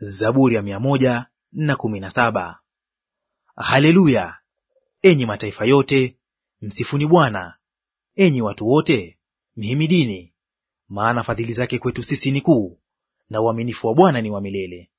Zaburi ya mia moja na kumi na saba. Haleluya! Enyi mataifa yote, msifuni Bwana; enyi watu wote, mhimidini. Maana fadhili zake kwetu sisi ni kuu, na uaminifu wa Bwana ni wa milele.